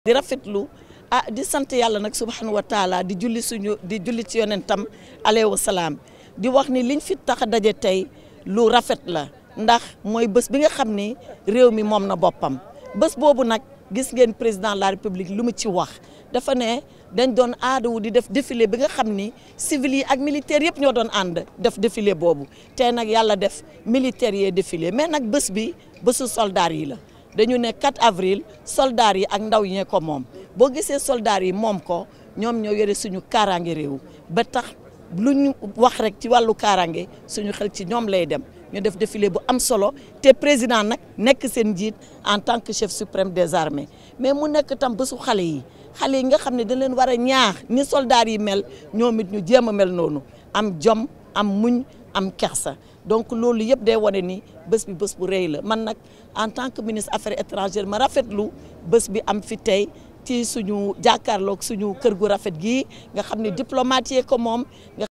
di rafetlu ah di sant yàlla nag subhanahu wa taala di julli suñu di julli ci yonentam alayhi wa salaam di wax ni liñ fi tax a daje tey lu rafet la ndax mooy bés bi nga xam ni réew mi moom na boppam bës boobu nag gis ngeen président la république lu mu ci wax dafa ne dañ doon aada wu di def défilé bi nga xam ni civil yi ak militaire yëpp ñoo doon ànd def défilé boobu tey nag yàlla def militaire yee défilé mais nag bés bi bësu soldats yi la dañu ne quatre avril soldats yi ak ndaw yi ko moom boo gisee soldats yi moom ko ñoom ñoo yore suñu kaaraange réew ba tax lu ñu wax rek ci wàllu kaaraange suñu xel ci ñoom lay dem ñu def défilé bu am solo te président nag nekk seen njiit en tant que chef suprême des armées mais mu nekk tam su xale yi xale yi nga xam ne dañ leen war a ñaax ni soldats yi mel ñoom it ñu jéem a mel noonu am jom am muñ. am kersa donc loolu yëpp day wane ni bés bi bés bu rëy la man nag en tant que ministre affaire étrangères ma rafetlu bés bi am fi tey ci suñu jàkkaarloog suñu kër gu rafet gi nga xam ne diplomate yee ko moom.